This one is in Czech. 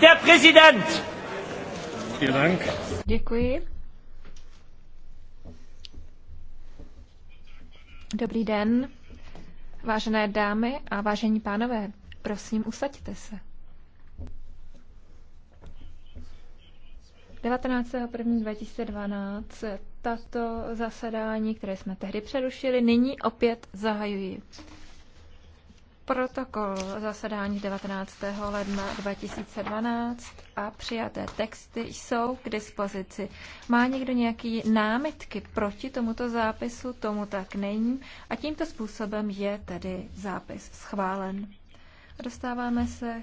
Der Präsident! Vielen Dank. Děkuji. Dobrý den, vážené dámy a vážení pánové. Prosím, usaďte se. 19.1.2012 tato zasedání, které jsme tehdy přerušili, nyní opět zahajují. Protokol zasedání 19. ledna 2012 a přijaté texty jsou k dispozici. Má někdo nějaké námitky proti tomuto zápisu? Tomu tak není. A tímto způsobem je tedy zápis schválen. Dostáváme se